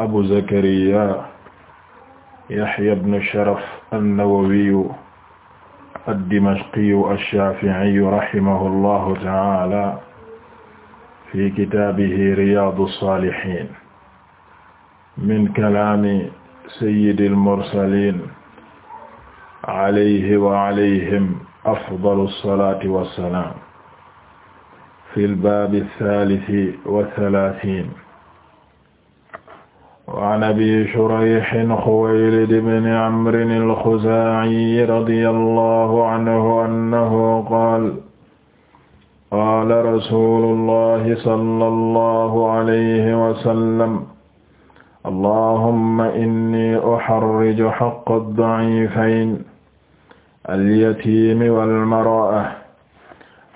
abu zakariya yahya ibn sharaf an-nawawiyu ad-dimashqiyu ash-shafi'iyu rahimahu llahu ta'ala fi kitaabihi riyaadu saalihiin min kalaami sayyidil mursaliin alayhi wa alayhim afdalu salaati wa salaam fil baabi saalisi wa salaasiin waan abi shurayhin xuwaylid ibn amrin al-xuzaa'i radiyallahu anhu annahu qaala qaala rasuulullahi sallallahu alayhi wa sallam allahumma inni uharriju haqqa ad-da'iifayni al-yatiimi wal-mar'a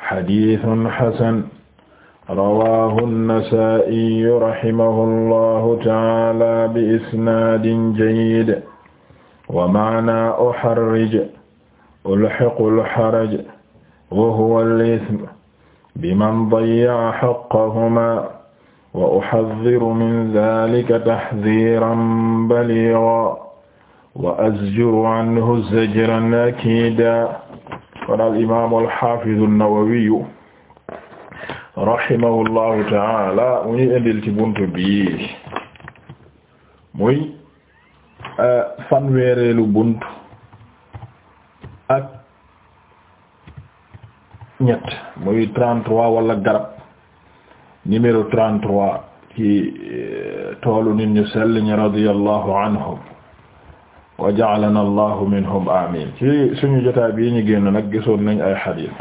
hadiisun hasan rawaahu an-Nasaa'iyu rahimahullahu ta'aala bi isnaadin jayyid wa ma'naa uharrij ulhiqu al-haraj wa huwa al-ithm biman dayya'a haqqahumaa wa uḥadhdhiru min dhaalika taḥdhiiran balighan wa azjuru anhu zajran akiidan qaala al-imaamu al-haafizu an-Nawawiyu rahimahullahu taala mu ñuy indil ci buntu bi muy euh, fanweereelu buntu ak ñett muy 33 wala garab numéro 33 ci euh, toolu nit ñu sell ñi radiyallahu anhum wa ja'alana allahu minhum amin ci suñu jotaay bii ñu génn nag gisoon nañ ay xadiis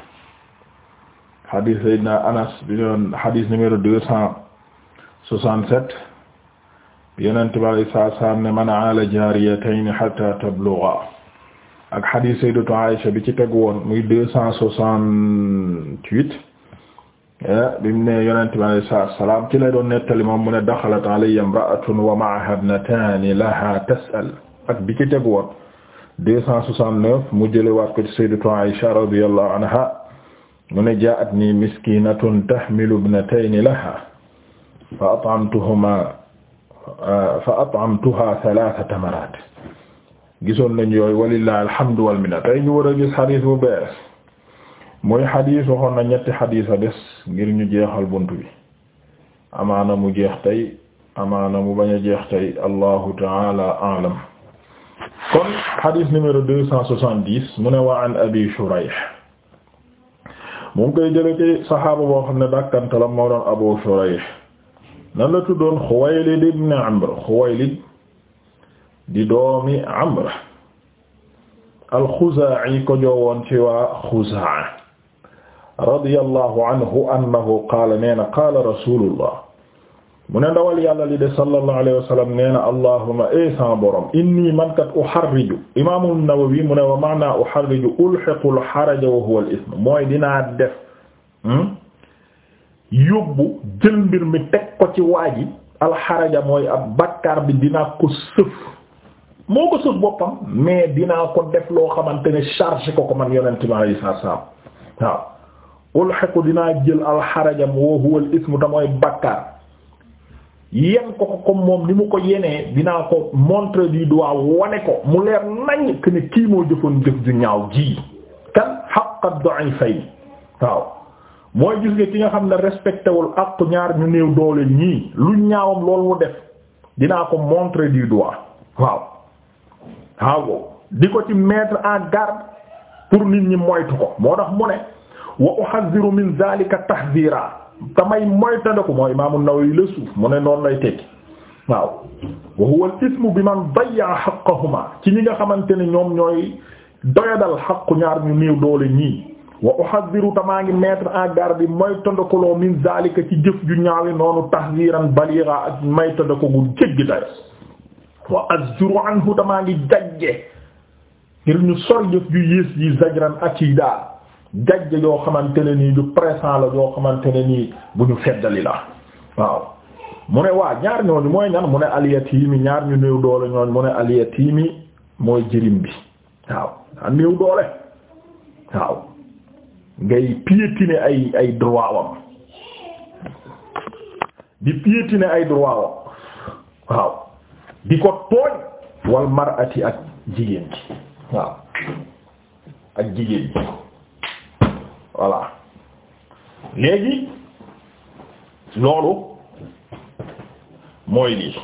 hadis sayyidina Anas bi doon hadis numéro deux cent soixante-sept yonent bi alayhi salaatu salaam ne man aala jaariyatayn hatta tabluga ak hadis sayyidatu Aisha bi ci teg woon muy deux cent soixante-huit eh, bi mu ne yonent bi alayhi salaatu salaam ci lay doon nettali moom mu ne daxalat alayya imra'atun wa ma'aha ibnataani lahaa tas'al ak bi ci teg woon deux cent soixante-neuf mu jëlewaat ko ci sayyidatu Aisha radiyallahu anha mu ne jaa'atnii miskiinatun tahmilu ibnatayni lahaa fa at'amtuhumaa fa at'amtuhaa thalaatha tamaraat gisoon nañ yooyu walillaahi alhamdu wal minna tey ñu war gis xadiis bu bees muy xadiis waxoon na ñetti xadiis a des ngir ñu jeexal bunt bi amaana mu jeex tey amaana mu bañ jeex tey allahu taala aalam kon xadiis numéro deux cent soixante-dix mu ne wa an abi shurayh mu ngi koy jële ci saxaaba boo xam ne dàkkantalam moo doon Abu Shurayh nan la tuddoon Xuwaylid ibn Amr Xuwaylid di doomi Amr al-Xuzaa'i ko joowoon ci waa Xuzaa radiyallahu anhu annahu qaala nee na qaala rasulullah mu ne ndawal yàlla li de sallallahu alayhi wa sallam eh borom inni man kat uharriju imaamu an-Nawawi mu ne wa maana uharriju ulhiqu al-haraja wa huwa al mooy dina def hmm, yóbbu jël mbir mi teg ko ci waa ji mooy ab bakkaar bi dinaa ko sëf moo ko sëf boppam mais dinaa ko def loo xamante ne charge ko ko man yonent bi alayhi salaatu salaam waaw ulhiqu dinaa wa huwa al-ithm mooy bakkaar yem ko ko comme moom ni mu ko yenee dinaa ko montre du doigt wane ko mu leer nañ que ne kii moo jëfoon jëf ju ñaaw ji kan xaqa da'ifay waaw mooy gis nga xam ne respecté wul ak ñaar ñu néew doole ñii lu ñaawam loolu mu def dinaa ko montre du doigt waaw waaw di ko ci mettre en garde pour nit ñi moytu ko moo tax mu ne wa uhadhiru min zalika tahdhira tamay moytandiku mooy Imaam An-Nawawi la suuf mu ne noonu lay tekki waaw wa huwa al bi man dayya haqqahuma ci ñi nga xamante ne ñoom ñooy doyadal xaqu ñaar ñu néew doole ñii wa uhadhiru tamaa ngi mettre en garde moytandikuloo min zalika ci jëf ju ñaawi noonu tahziran baligha ak moytandiku gu jéggi day wa azjuru anhu tamaa jajje ngir ñu sor jëf ju yées zajran akida gàjj yoo xamante ne nii ju pressant la yoo xamante ne nii bu ñu feddali la waaw mu ne waa ñaar ñooñu mooy ñan mu ne alyatiimi ñaar ñu néew doole ñooñu mu ne alyatiimi mooy jirim bi waaw a néew doole waaw ngay piétiner ay ay droit wam di piétiner ay droit waaw di ko tooñ wal mar'ati ak jigéen gi waaw ak jigéen gi voilà léegi loolu mooy lii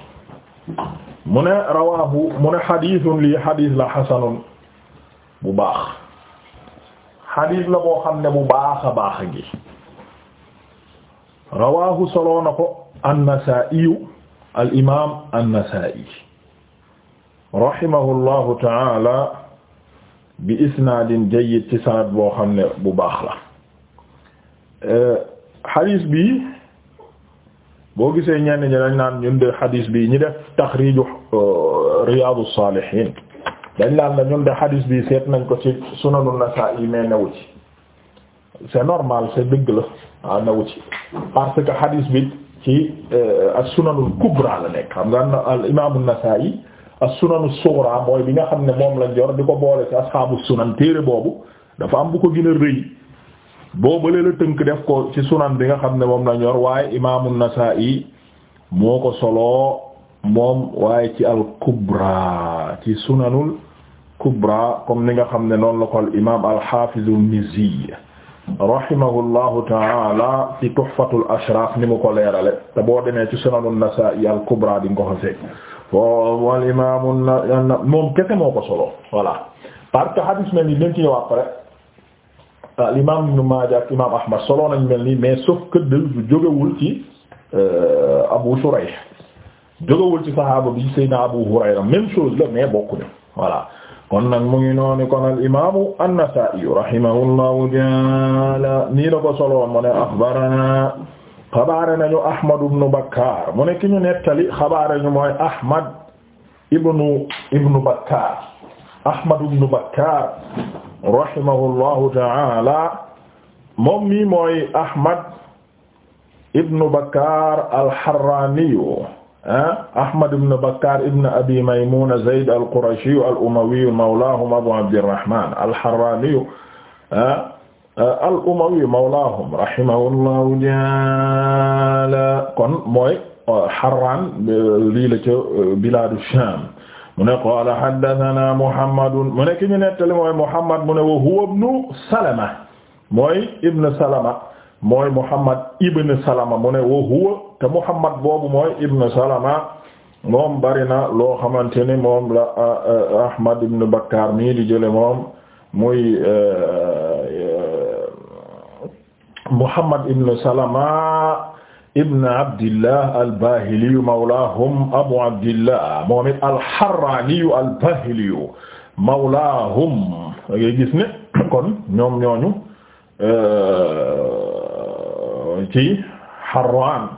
mu ne rawaahu mu ne xadiisun lii xadiis la xasanun bu baax xadiis la boo xam ne bu baax a baax a gi rawaahu soloo na ko annasaiyu al imam annasai rahimahu llahu taala bi isnaadin jayyid ci sanad boo xam ne bu baax la xadiis euh, bi boo gisee ñenn ñi dañ naan ñun de xadiis bi ñi def taxriiju euh, riyaadu saalihiin dañ naan la ñun de xadiis bi seet nañ ko ci sunanu nasaa'i mais newu ci c'est normal c'est dëgg la ah newu ci parce que xadiis bi ci euh, as sunanul kubra la nekk xam nga al imaamu nasaa'i as-sunan as-sughra mooy bi nga xam ne moom lañ jor di ko boole ci ashaabu sunan téere boobu dafa am bu ko gën a rëy boobale la tënk def ko ci sunan bi nga xam ne moom lañ yor waaye imaamu an-Nasaa'i moo ko soloo moom waaye ci al-kubra ci sunanul kubra comme ni nga xam ne noonu la ko al imaam al-Haafiz an-Mizzi rahimahullahu taala ci tuhfatul ashraaf ni mu ko leerale te boo demee ci sunanul nasaa'i al-kubra di ko fekk fo al imaamu moom kese moo ko solo voilà parce que hadis ah, Ahmad solo nañ mel ni mais sauf que dël bu jógewul euh, Abu bi Seydina Abu Hurayra même chose la mais bokkuñu kon nag mu ngi kon al imaamu an-Nasaa'i rahimahullahu ta'ala nii la ko solo mu ne xabaare nañu Ahmad ibn Bakkar mu nekk ñu nettali xabaare ñu mooy Ahmad ibnu ibnu Bakkar Ahmad ibnu Bakkar rahimahullahu ta'ala moom mi mooy Ahmad ibnu Bakkar al-Harraniyu ah, Ahmad ibnu Bakkar ibnu Abi Maymun Zayd al-Qurashiyu al-Umawiyu mawlahum Abu Abdirrahman al-Harraniyu ah. Euh, al umawi mawlaahum rahimahullahu ta'aala kon mooy euh, Harraan euh, lii la ca bilaadu Shaam mu ne qaala haddathanaa Muhammadun mu ne ki ñu nettali mooy Muhammad mu ne wa huwa ibnu Salama mooy ibnu Salama mooy Muhammad ibnu Salama mu ne wa huwa te Muhammad boobu mooy ibnu Salama moom bari na loo xamante ne moom la Ahmad ibnu Bakkaar mii di jële moom muy. Muhammad ibn Salama ibn Abdillah al-Bahili mawlaahum Abu Abdillah moom it al-Harrani al-Bahili mawlaahum da ngay gis ne kon ñoom ñooñu euh, ci Harran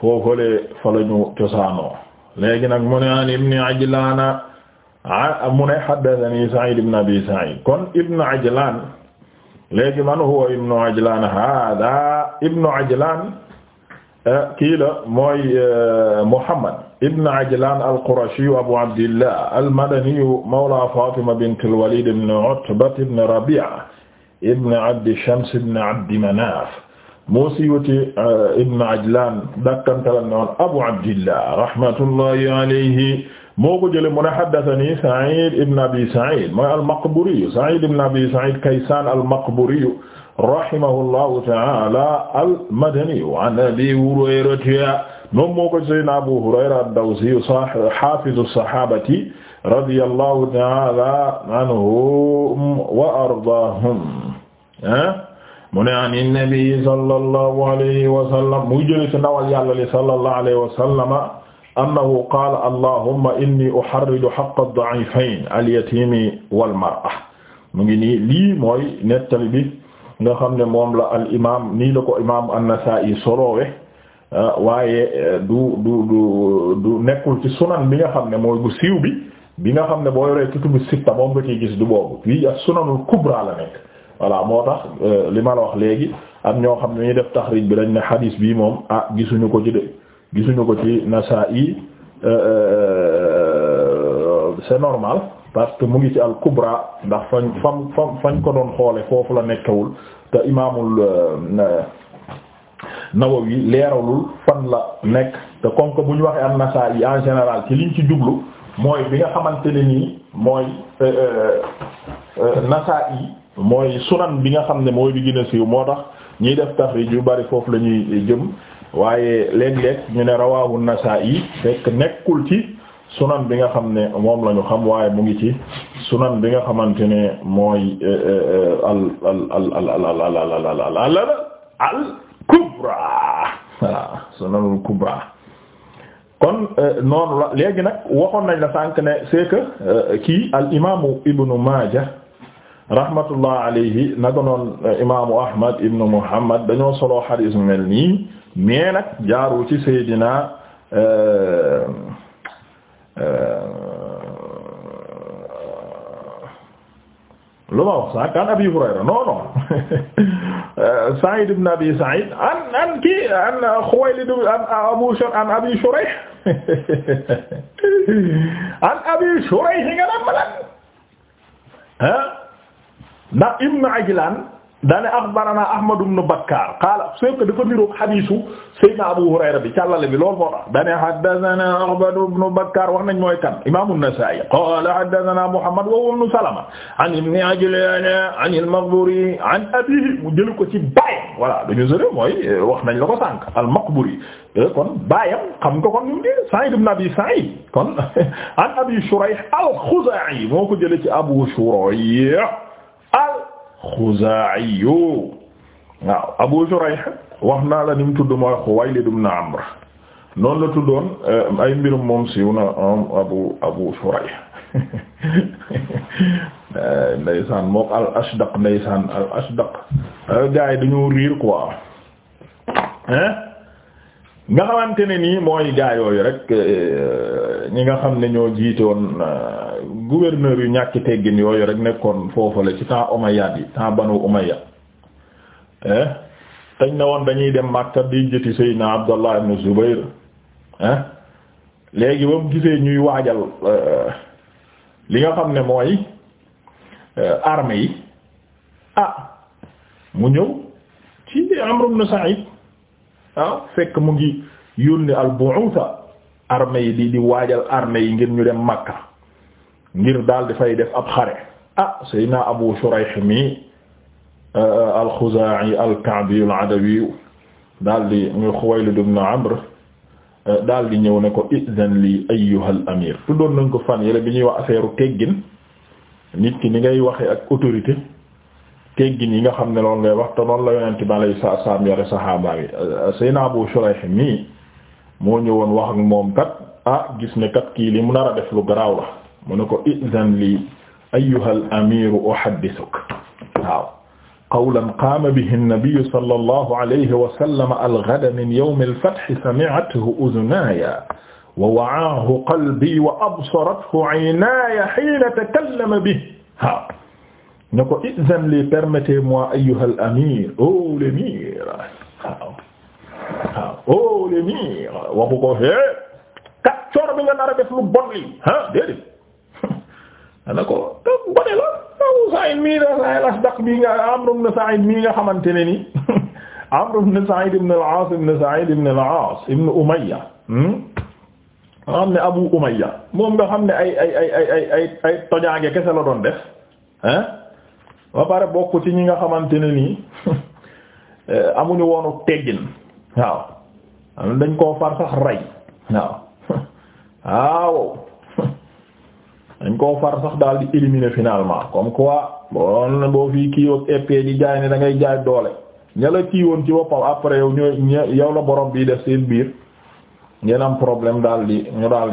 foofule fa la ñu cosaanoo léegi nag mu ne an ibn Ajlan mu ne haddathani Sa'id ibn Abi Sa'id kon ibn Ajlan léegi man huwa ibnu ajlan hada ibnu ajlan eh, kii la mooy eh, muhammad ibnu ajlan al-qurashiyu abu abdillah al-madaniyu mawla fatima bint al-walid ibn utba ibn rabi'a ibn abdi shams ibn abdi manaf moo siiwati eh, ibnu ajlan dakkantalan noon abu abdillah rahmatullahi alayhi moo ko jëlee mu ne haddathani Sa'id ibn Abi Sa'id mooy al-Maqburi Sa'id ibn Abi Sa'id Kaysan al-Maqburi rahimahullahu ta'ala al-Madani an Abi Hurayra moom moo ko Sayyidina Abu Hurayra ad-Dawsi hafizu as-sahabati radiyallahu ta'ala anhum wa ardaahum ah, mu ne an in-nabi sallallahu alayhi wa sallam muy jëlee ci ndawal Yàlla li sallallahu alayhi wa sallama annahu qaala allahumma inni uharriju haqqa ad-da'ifayn al-yatimi wal-mar'a mu ngi nii lii mooy nettali bi nga xam ne moom la al imaam nii la ko imaam an-Nasaa'i soloowe ah, waaye eh, du du du ci sunan bi nga xam ne mooy bu siiw bi bi nga xam ne boo yoree kutubu sitta moom nga ciy du boobu fii as-sunanul kubra la nekk voilà moo tax eh, li ma la wax léegi am ñoo xam ne ñu def bi dañ ne xadiis bii moom ah gisuñu ko ci gisuñu ko ci Nasa'i euh, euh, euh, c'est normal parce que mu ngi ci al-Kubra ndax fañ fam fam fañ ko doon xoole foofu la nekkewul te imaamul Nawawi leeralul fan la nekk te comme que bu ñu waxee an-Nasa'i en général ci liñ ci jublu mooy bi nga xamante ne nii mooy Nasa'i mooy sunan bi nga xam ne mooy bi gën a siiw moo tax ñiy def tax ñu bari foofu la ñuy jëm waaye léeg-léeg ñu ne nasa Nasaa'i sekk nekkul ci sunan bi nga xam ne moom lañu xam waaye mu ngi ci sunan bi nga xamante ne mooy al al al al al al al kubra voilà sunanul kubra kon noonu la léegi nag waxoon nañ la sànq ne c'est kii al imaamu ibnu Maaja rahmatullah alayhi naga noon imaamu Ahmad ibnu Muhammad dañoo solo xadiis mel nii. mais nag jaaru ci Seydina euh, euh, lu wax sax an Abi Hurayra non non euh, Sa'id Abi Sa'id an an kii an Khuwaylid Abi Shurayh an Abi Shurayh nga naan ma lan Ibn Ajlan dane axbarana ahmad ibn bakkar qaala soo ko dafa niroog xadiisu sayyidina abu hurayra bi càllale bi loolu moo tax dane haddathana ahmad ibn bakkar wax nañ mooy kan imam an-nasa'i qala haddathana muhammad wa huwa ibn salama an ibni ajlan an al-maqburi an abihi mu jëlu ko ci baayam voilà dañu sore mooy wax nañ la ko sànq al-maqburi euh, kon baayam xam nga kon ñu ngi sa'id ibn abi sa'id kon an abi shurayh al-khuzai moo ko jële ci abu shurayh Xuzaa'i waaw Abu Jurayh wax naa la ni mu tudd mooy Xuwaylid ibn Amr noonu la tuddoon eh, ay mbirum moom siiw na Abu Abu Jurayh eh, ndeysaan mook al Ashdaq ndeysaan al Ashdaq eh, gars yi dañoo riir quoi hein nga xamante ne nii mooy gaa yooyu rek ñi nga xam ne ñoo jiite gouverneur yu ñàkk teggin yooyu rek nekkoon foofale ci temps Umayyad yi temps Banu Umayya eh na woon dañuy dem Makka di jëti Seydina Abdallah ibn Zubayr eh? léegi ba mu gisee ñuy waajal eh, li nga xam ne mooy eh, armée yi ah mu ñëw ci Amr ibn Sa'id waaw ah, fekk mu ngi yónni al-bu'utha yi di di waajal armée yi ngir ñu dem Makka ngir daal di fay def ab xare ah Seydina Abu Shurayh mi euh, al-Khuzaa'i al-Ka'bi al-Adawi daal di muy Xuwaylid ibn Amr euh, daal di ñëw ne ko izan li ayyuhal amir tuddoon nañ ko fan yële bi ñuy wax affaire teggin nit ki ni ngay waxe ak autorité teggin yi nga xam ne loolu ngay wax te noonu la yonente bi alayhi salaatu salaam yore saxaaba euh, Abu Shurayh mi moo ñëwoon wax ak moom kat ah gis ne kat kii lii mu nar a def lu garaaw la mu ne ko izan li ayyuha al amiru uhaddithuk waaw qawlan qaama bihi an-nabiyyu sallallahu alayhi wa sallam al-ghada min yawm al-fath sami'athu udhunaaya wa wa'aahu qalbii wa absarathu 'aynaaya hiina takallama bihi waaw ne ko izan li permettez-moi ayyuha al-amir oh l'émir waaw waaw oh l'émir waxu ko hee kat coor bi nga nar a def lu bon lii ah déedéet ana ko bone la Abu Sa'id mii da Sa'id al-Ashdaq nga Amr ibn Sa'id mii nga xamante ne ni Amr ibn Sa'id ibn al-As ibn Sa'id hmm? xam ne Abu Umayya moom nga xam ne ay ay ay ay ay la doon def pare bokk ci ñi nga xamante ne nii eh, amuñu teggin waaw dañ koo far sax rey waaw dañ koo far sax daal di éliminer finalement kii woog e ep woon bi def seen biir di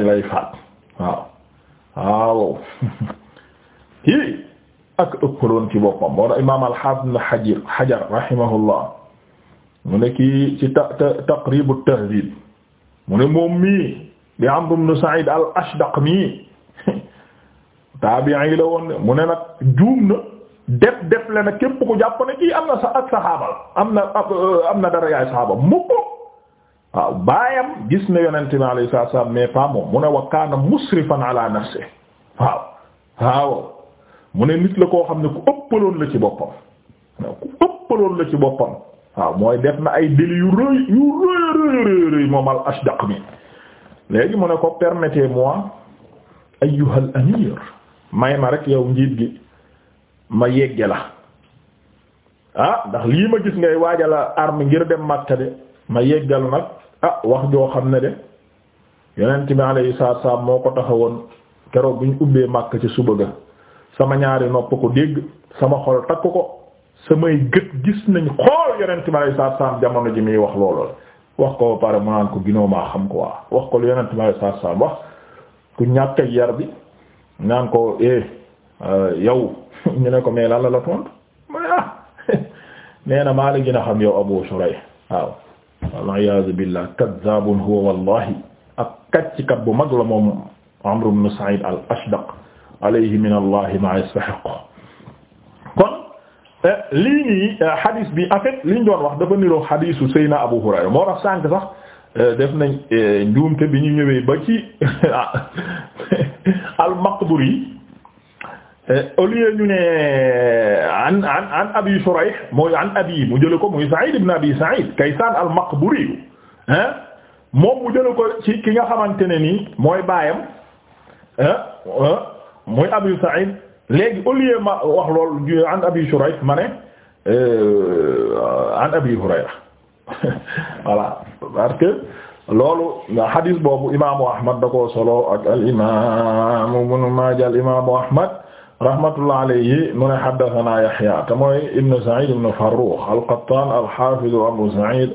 lay faat kii ci boppam imaam al-Hafiz Ibn Hajar mu ne kii ci Taqrib at-Tahdhib mu ne moom mii bi Amr ibn Sa'id al-Ashdaq mii taabi'i la woon mu ne nag juum na def def le nag képp ku jàpp ne kii am na sa ak saxaaba la am na euh, dara yaay saxaaba mukk waaw baayam gis na yonent bi alayhi salaam mais mu ne wa kaana musrifan ala nafsi waaw waaw mu ne nit la koo xam ne ku ëppaloon la ci boppam ku ëppaloon la ci boppam waaw mooy def na ay délits yu rëy yu rëy rëy rëy moom al ashdaq mi léegi mu ne ko permettez-moi ayyuha al amir may ma rek yow njiit gi ma yegge la ah ndax lii ma gis ngay waajala arme ngir dem Makka de ma yeggal nag ah wax joo xam ne de yonent bi alayhi salaatu salaam moo ko taxawoon keroog bi ñu ubbee Makka ci suba ga sama ñaari nopp ko dégg sama xol takk ko samay gët gis nañ xool yonent bi alayhi salaatu salaam jamono ji muy wax looloo wax ko ba pare mu naan ko ginoo maa xam ko waa wax ko lu yonent bi alayhi salaatu salaam wax ku ñàkk yar bi naan ko eh euh, yow ñu ne ko mais lan la la tontu mu ne ah, na maa la gën a xam yow Abu Shurayh waaw wallahi ak kàcckat bu mag la moom Amr ibn Sa'id al-Ashdaq alayhi min Allah ma kon eh, lii nii hadith eh, bi en fait liñ doon wax dafa niroo hadithu Seyna Abu Hurayra moo tax sànk sax eh, def nañ njuumte bi ñu ñëwee ba ah, al-Maqburi euh, au lieu ñu ne euh, an an an Abi Shurayh mooy an abi mu jële ko muy Sa'id ibn Abi Sa'id Kaysan al-Maqburi hein moom mu jële ko ci ki nga xamante ne nii mooy baayam euh, muy Abi Sa'id léegi au ma wax lool an Abi Shurayh ma ne an Abi Hurayra voilà parce loolu hadis boobu imaamu Ahmad da koo solo ak al imaam Ibnu Maaja al imaamu Ahmad rahmatullah alayhi mu ne haddathana Yahya te mooy Ibnu Sa'id ibnu Farrukh al-Qattan al-Hafiz Abu Sa'id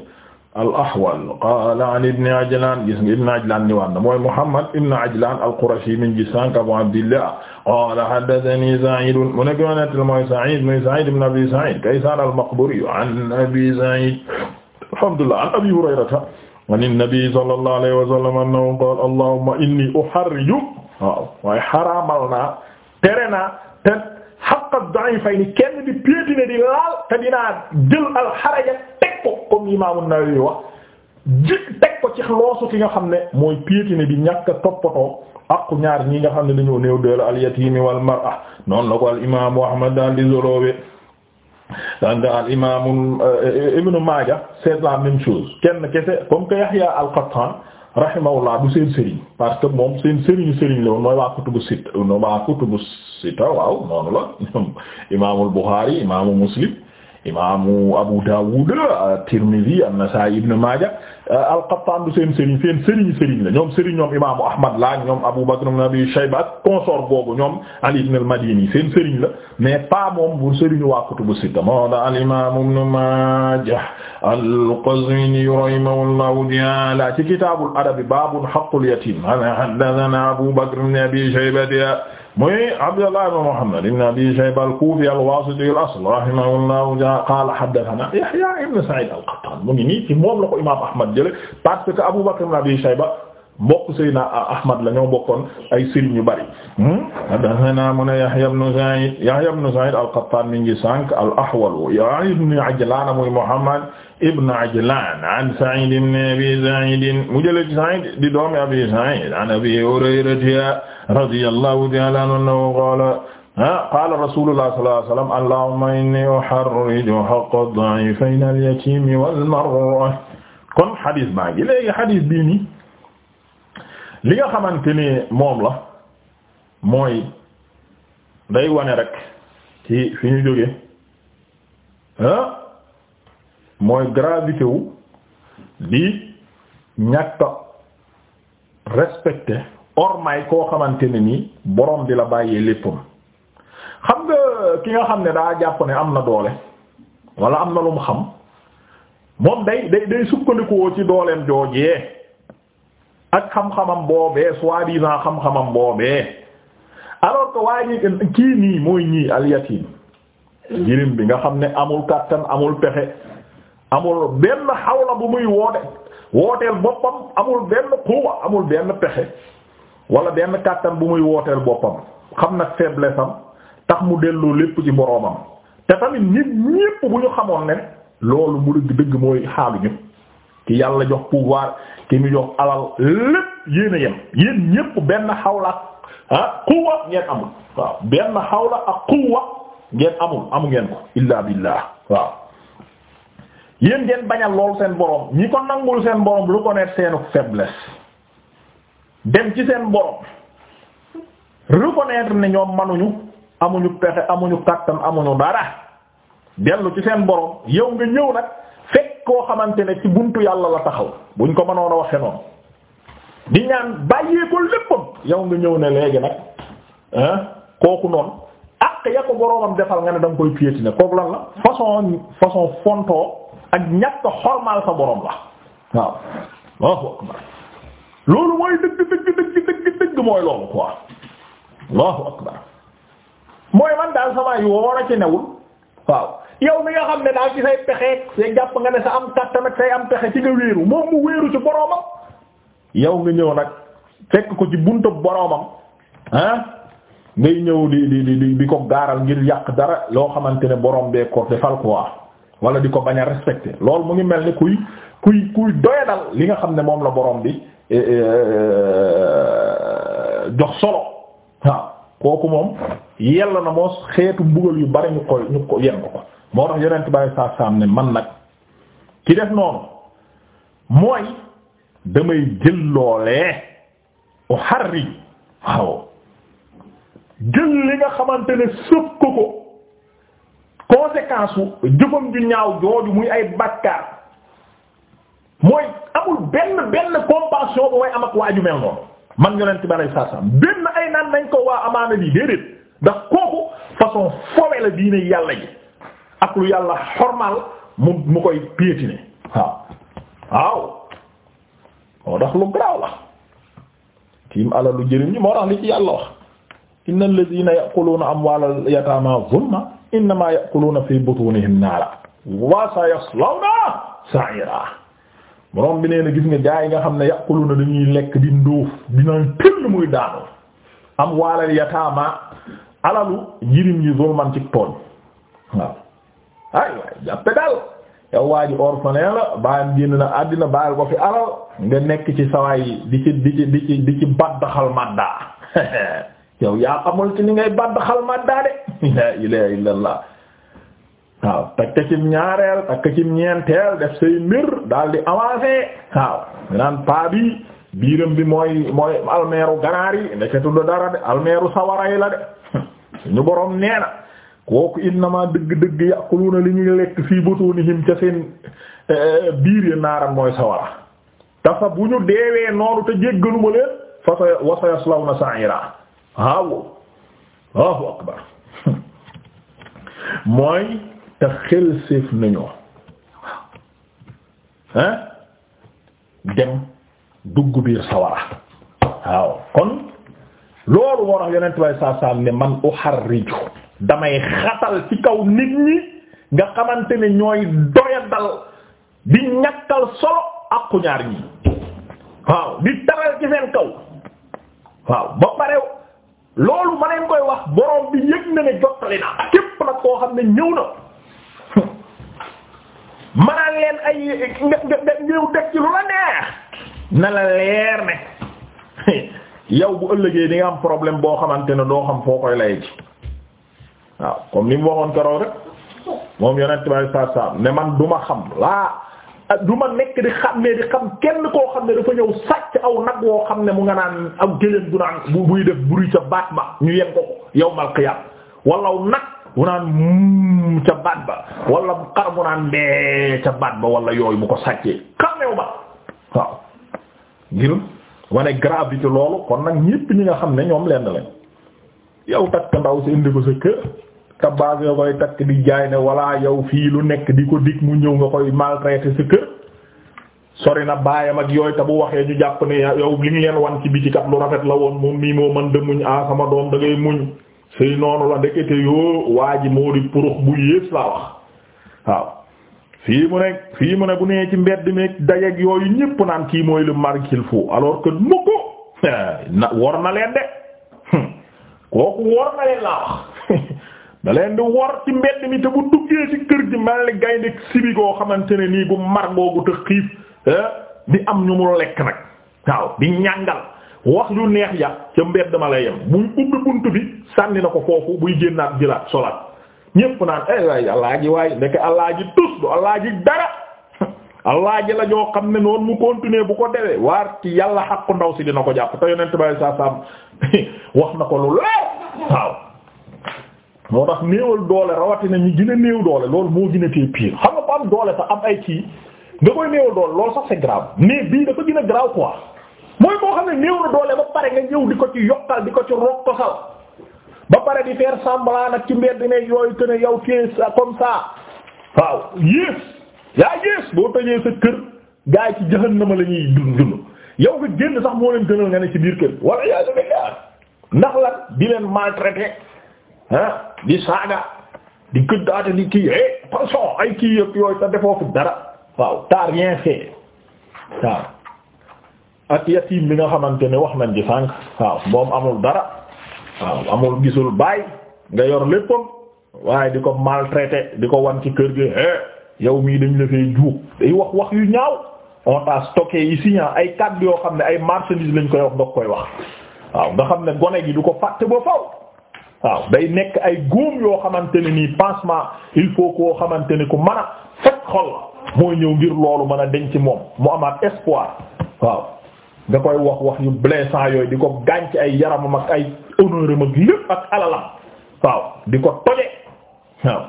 al-Ahwal qala an Ibni Ajlan gis nga Ibni Ajlan ni waan na mooy Muhammad ibnu Ajlan al-Qurashi min Jisaan Abu Abdillah qala haddathani Sa'id mu ne gënante mooy Sa'id mooy Sa'id ibnu Abi Sa'id Kaysan al-Maqburi an Abi Sa'id alhamdulillah an Abi Hurayrata an nabi sallallahu alayhi wa sallam annahu qaala allahumma inni uharriju waaw waaye xaraamal naa tere naa te haqqa da'ifayni kenn di di laal te dinaa jël alxaraja teg ko comme imaamu Nawawi wax ji teg ci loosu ki nga xam ne mooy piétiner di ñàkk a toppatoo aqu ñaar ñi nga xam ne dañoo al yatiimi wal mar'a noonu ko al imaamu Ahmad daal di zorowe daan al imaam eh, Ibn Maaja c'est la même chose kenn kese comme que Yahya al-Qattan rahimahullah du seen sëriñ parce que moom seen sëriñu sëriñ la woon mooy waa kutubu sitta waa kutubu sitta waaw noonu la imaamul Buxaari imaamu Muslim imaamu Abu Daawud at-Tirmidhi an-Nasaa'i Ibn Maaja Euh, al-Qattan du seen sëriñ seen sëriñ sëriñ la ñoom sëriñ ñoom imaamu Ahmad la ñoom Abu Bakr ibn Abi Shayba ak consort boobu ñoom Ali ibn al-Madini seen sëriñ la mais pas moom bu sëriñu waa kutubu sitta moo da al-Imam Ibn Majah al-Qazwini rahimahullahu ta'ala ci kitaabul adab baabun haqqul yatiim haddathana Abu Bakr ibn Abi Shayba muy Abdullah ibn Muhammad ibn Abi Shayba al-Kufi al-Wasiti al-asl rahimahullahu ta'ala qala haddathana Yahya ibn Sa'id al-Qattan mu ngi nii ci moom la ko imam Ahmad jële parce que Abu Bakr ibn Abi Shayba mbokk Seydina Ahmad la ñoo bokkoon ay sëriñ yu bari hmm? haddathana mu ne Yahya ibn Sa'id Yahya ibn Sa'id al-Qattan mi ngi sànq al-Ahwal ya ibn Ajlan muy Muhammad ibn Ajlan an Sa'id ibn Abi Sa'id mu jële ci Sa'id di doomi Abi Sa'id an Abi Hurayra radiyallahu ta'ala anhu qala qala rasulullah sallallahu alayhi wa sallam allahumma inni uharriju haqqa ad-da'ifayni al-yatimi wal-mar'a kon xadis baa ngi léegi xadis bii nii li nga xamante ni moom la mooy day wane rek ci fi ñu jógee ah mooy gravité wu di ñàkk respecté ormay koo xamante ni nii boroom di la bàyyee léppam xam nga ki nga xam ne daa jàpp ne am na doole wala am na lu mu xam moom day day day sukkandikoo ci dooleem joojee ak xam-xamam boobee soi-disant xam-xamam boobee alors que waaye kii nii mooy ñii al yatim bi nga xam ne amul kàttan amul pexe amul benn xawla bu muy woote wooteel boppam amul benn xuwa amul benn pexe wala benn kàttan bu muy wooteel boppam xam nag faiblesse am tax mu delloo lépp ci boroomam te tamit nit ñépp bu ñu xamoon ne loolu mu dëgg dëgg mooy xaalu ñëpp ki yàlla jox pouvoir ki mu jox alal lépp yéen yem yéen ñépp benn xawla ak ah, quwwa ngeen amul waaw benn xawla ak quwwa ngeen amul amu ngeen ko illaa billah waaw yéen ngeen bañal loolu seen boroom ñi ko nangul seen boroom reconnaître seenu faiblesse dem ci seen borom reconnaître ne ñoom manuñu amuñu pexe amuñu kàttan amuñu dara dellu ci seen borom yow nga ñëw nag fekk koo xamante ne ci buntu yàlla la taxaw buñ ko mënoon a waxe noonu di ñaan bàyyee ko léppam yow nga ñëw ne léegi nag kooku noonu ak ya ko boroomam defal nga ne da koy koy piétiner kooku lan la façon façon fontoo ak ñàkk xormaal sa borom la waaw loolu mooy dëgg dëgg dëgg dëgg mooy loolu quoi allahu akbar mooy man daal sama yoon a ci newul waaw yow mi nga xam ne daal ci say pexe say jàpp nga ne sa am kàttan ak say am pexe ci nga wéeru moom mu wéeru ci boroomam yow nga ñëw nag fekk ko ci buntu boroomam ah ngay ñëw di di di di ko gaaral ngir yàq dara loo xamante ne boroom bee ko defal quoi wala di ko bañ a respecté mu ngi mel ni kuy kuy kuy doyadal li nga xam ne moom la boroom bi. jox euh, solo waaw kooku moom yella na moo xeetu mbugal yu bari ñu koy ñu ko yenn ko ko moo tax yonent bari saa saam ne man nag ki def noonu mooy damay jël loole u xarri waaw jël li nga xamante ne sëpp ko ko conséquence u jëfam ju ñaaw jooju muy ay bakkaar mooy amul benn benn compassion bu may am waaju mel man yonent bi alayhi salaam benn ay naan nañ ko waa amaana bi déedéet ndax kooku façon fowe la diine yàlla ji ak lu yàlla mu koy piétiner waaw waaw moo tax lu garaaw la tiim alal lu jëriñ ñi moo tax li ci yàlla wax innal ladina yaquluna amwalal yatama zulma innama yaquluna fi butunihim naara wa sayaslawna sa'ira borom bi nee gis nga jaay nga xam ne yàqulu na dañuy lekk di ndóof dinaan tëll muy daanu am waalal yataama alalu jirim yi zulman ci tooñ waaw ay jàppe daal yow waa ji orphelin la bàyyam génn na àddina bàyyal ko fi alal nga nekk ci sawaay yi di ci di ci di ci di maddaa yow yaa xamul ci ni ngay baddaxal maddaa de la ilaha illallah waaw takk ci ñaareel takk ci ñeenteel def say mbir daal di avancé waaw naan paa biiram bi mooy mooy almeeru ganaar yi nekkatu du dara de almeeru sawara yi la de ñu boroom nee na kooku innama dëgg-dëgg yàquluna li ñuy lekk fii butunihim ca seen eh, eh, biir ya naaram mooy sawara tafa bu ñu deewee noonu te jéggaluma leen fa sa wa sayaslawna sa'ira waaw akbar mooy te xel séef nañoo hein dem dugg biir sawara waaw kon loolu moo tax yonent bay saa saa ne man uharriju damay xatal ci kaw nit ñi nga xamante ne ñooy doyadal di ñàkkal solo àqu ñaar ñi waaw di taral ci seen kaw waaw ba pare loolu ma leen koy wax borom bi yëg na ne jottali na képp nag koo xam ne ñëw na manaan leen ay ngiw teg ci lu neex na la leer ne yow bu ëllëgee di nga am problème boo xamante ne doo xam foo koy lay ci waaw comme ni mu waxoon keroog rek moom yonent bay sa sam ne man du ma xam laa du ma nekk di xam ne di xam kenn koo xam ne dafa ñëw sàcc aw nag woo xam ne mu nga naan aw géléen bu naan buy def bruit ca baat ma ñu yem ko yow mal qiyam walla nag mu naan mm ca baat ba wala xar mu naan mbee ca baat ba wala yooyu bu ko sàccee xamew ba waaw ngir wane gravité loolu kon nag ñépp ñi nga xam ne ñoom lenn lañ yow takk ndaw si indi ko sa kër te koy takk di jaay ne walla yow fii lu nekk di ko dig mu ñëw nga koy maltraiter sa kër sori na baayam ak yooyu te bu waxee ñu jàpp ne yow li ñu leen wan ci biti lu rafet la woon moom mii moo mën de muñ ah sama doom da ngay muñ sëy noonu la ndekete yoo waa ji moo di purux bu yées laa wax waaw fii mu ne fii mu ne bu nee ci mbedd mi dajeek yooyu ñépp naan kii mooy lu mari qu'il faut alors que mukk na wor na leen de kooku wor na leen laa wax da leen di wor ci mbedd mi te bu duggee ci kër gi mel ni gaynde sibi goo xamante ne nii gu mar googu te xiif eh, di am ñu mu lekk nag waaw di ñàngal wax lu neex ya ca mbedd ma la yem buy ubbi bunt bi sànni na ko foofu buy génnaat jëlaat solaat ñépp naan ay eh waay allah ji waay ndeke allah ji tus du allah ji dara allah ji la ñoo xam ne noonu mu continuer bu ko dewee waar ci yàlla xaqu ndaw si dina ko jàpp te yonent bay saa saam wax na ko lu leer waaw moo tax néewal doole rawatina ñi gën a néew doole loolu moo gën a tee xam nga ko am doole sax am ay kii nga koy néewal doole loolu sax c'est grave mais quoi mooy boo xam ne néew na doole ba pare nga ñëw di ko ci yokkal di ko ci rokkosal ba pare di faire semblant nag ci mbedd ne yooyu que ne yow tee sa comme ça waaw yées yaa yées boo tëjee sa kër gaa yi ci jahannama la ñuy dund dund yow nga génn sax moo leen gënal nga ne ci biir kër wala yaa ngi ndax lan di leen maltraité ah di saaga di gëddaate di kii eh façon ay kii yëpp yooyu te defoo fi dara waaw t'as rien fait waaw ak yatim bi nga xamante ne wax nañ ci sànq waaw moom amul dara waaw amul gisul baay nga yor léppam waaye di ko maltraité di ko wan ci kër gi eh yow mii dañ la fay juug day wax wax yu ñaaw on t'a stocké ici ay kàddu yoo xam ne ay marchandise lañ koy wax ndox koy wax waaw nga xam ne gone gi du ko fàtte ba faw waaw day nekk ay góom yoo xamante ne nii pansement il faut koo xamante ni ku mën a fekk xol mooy ñëw ngir loolu mën a ci moom mu amaat espoir waaw. nga koy wax wax yu blessant yooyu di ko gaañ ci ay yaramam ak ay honneuram ak lépp ak alalam waaw di ko toje waaw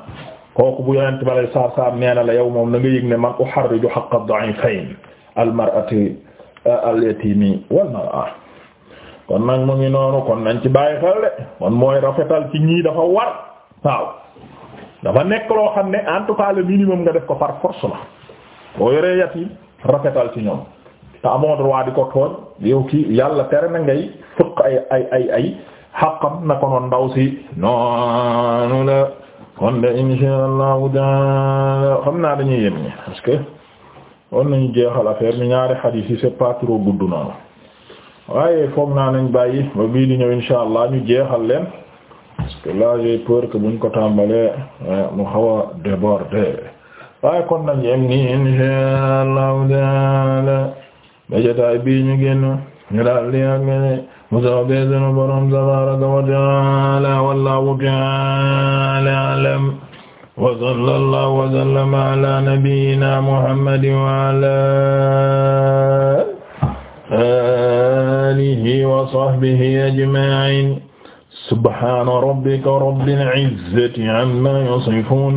kooku bu yonent bi alay saar saar nee la yow moom na nga yëg ne man uharriju haqqa ad-da'ifayn al-mar'ati euh, al-yatimi wal mar'a kon nag mu ngi noonu kon nañ ci bàyyi xel de kon mooy rafetal ci ñii dafa war waaw dafa nekk loo xam ne en tout cas le minimum nga def ko par force la boo yoree yat yi rafetal ci ñoom te amoo droit di ko tooñ yow kii yàlla tere na ngay fëq ay ay ay ay xaqam na ko ndaw si noonu la kon de insha allahu taala xam naa dañuy yem ñi parce que won nañu jeexal affaire mi ñaari xadiis yi c'est gudd noonu waaye foog naa nañ bàyyi ba bii di ñëw insha allah ñu jeexal leen parce que là j'ai peur que buñ ko tàmbalee eh, mu xaw a waaye kon nañ yem ni insha allahu taala bajataay bii ñu génn ñu daal di ak mene mosawa bee sunu borom tabaraka wa taala wallahu taala alam wa sallallahu wa sallama ala nabiyyina muhammadin wa ala alihi wa sahbihi ajma'in subhana rabbika rabbil izzati amma yasifun